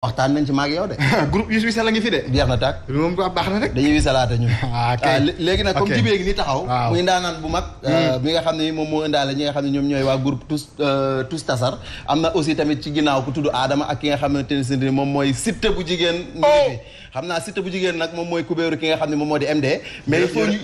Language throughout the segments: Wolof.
waxtaan nañ ci maag yow de. groupe Youssou a la ngi fi de. jeex na tàkk moom baax na rek. a wisalaate ñun. ah, ah léegi nag comme jibee ni taxaw. muy ndaanaan bu mag. bi hmm. euh, nga xam ne moom moo indaale ñi nga xam ne ñoom ñooy waa groupe tous euh, tous tasar. am na aussi tamit ci ginnaaw ku tudd Adama ak ki nga xamante ne si moom mooy Siteu bu jigéen. Oh! xam naa Siteu bu jigéen nag moom mooy kubéeru ki nga xam ne moom moo di MD. mais il faut ñu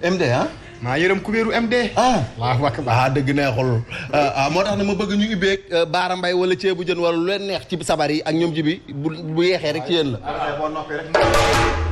MD ah. maa yërëm kubéeru MD. ah waaw waaw ah dëgg neexul. Ah, ah moo tax ne ma bëgg ñu ubbeeg ah, Baara Mbay wala ceebu jën wala lu leen neex ci sabar yi ak ñoom ji bi bu bu yeexee rek ci yéen la. Ah,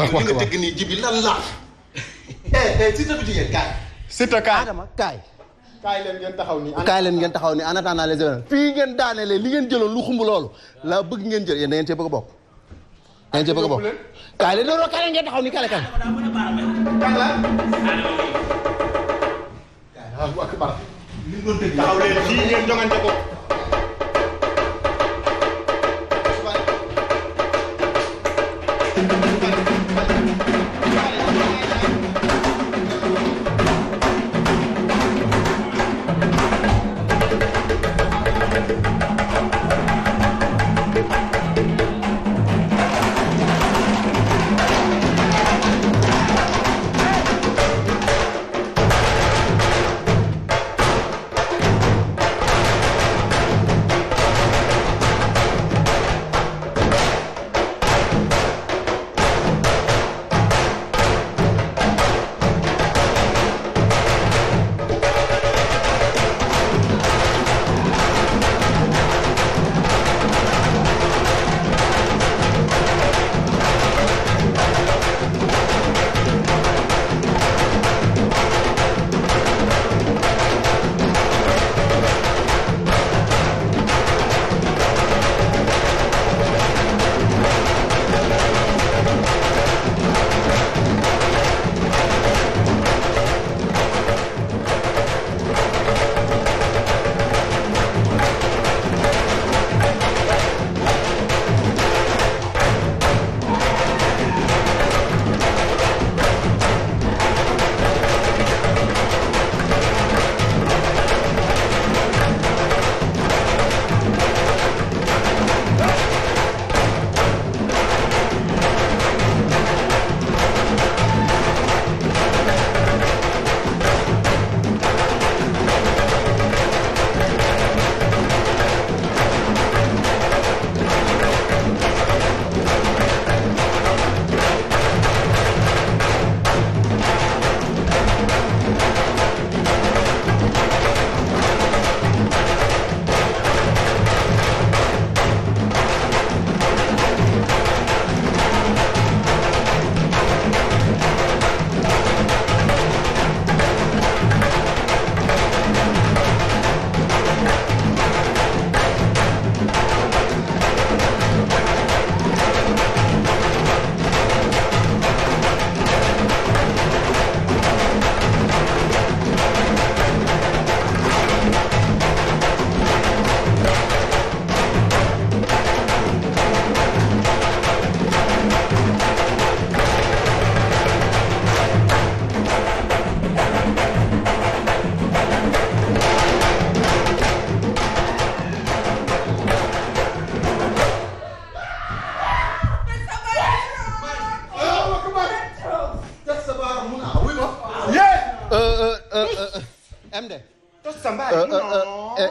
waaw waaw li nga tëgg nii la. Eh, eh, Siteu kaay. Siteu kaay kaay. leen ngeen taxaw nii. kaay leen ngeen taxaw nii en attendant les événements fii ngeen daanelee li ngeen jëloon lu xumb loolu laa bëgg ngeen jël yéen da ngeen cee bëgg a bokk. a bokk kaay leen looloo kaay leen ngeen taxaw nii kaay la kaay. kaay la. taxaw leen fii ngeen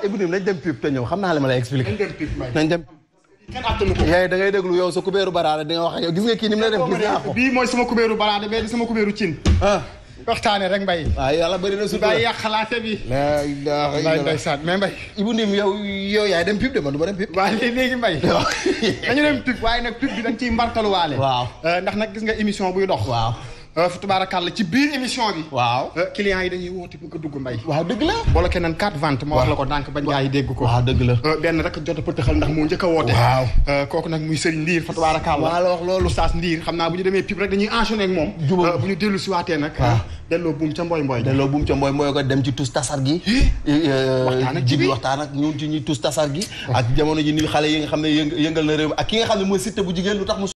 Ibrahima nañ dem pipe te ñëw xam naa la ma lay expliquer. nañ dem pipe yaay da ngay déglu yow sa kubéeru baraade di nga wax yow gis nga kii ni mu lay def gis nga ko bii mooy sama kubéeru baraade bee di sama kubéeru cin. Ah. waxtaane rek mbay waaw ah, yàlla bëri na sutura mbay yàqalaate bi mbay ndeysaan mais mbay Ibou Ndim yow yow yaay dem pib de man du ma dem pib waaw léegi mbay dañu dem pib waaye nag pib bi dañ ciy mbartaluwaale waaw euh, ndax nag gis nga émission buy dox waaw Euh, fa tubaarakàlla ci biir émission bi. waaw euh, clients yi dañuy woote bëgg a dugg mbay. waaw dëgg la. bloqué nañ carte vente ma wax la ko ndànk ba njaay dégg ko. waaw dëgg la. Euh, benn rek jot a pëtëxal ndax moo njëkk a woote. waaw kooku nag muy Serigne Ndiir fa tubaarakàlla. la wax loolu Saas Ndiir xam naa bu ñu demee pib rek dañuy enchaîner ak moom. jubóo bu ñu dellu si waatee nag. delloo buum ca mboy mboy. dem ci tus tasar gi. waxtaan ak ji bi tus tasar gi. na réew ak ki nga xam ne mooy Siteu bu jigéen lu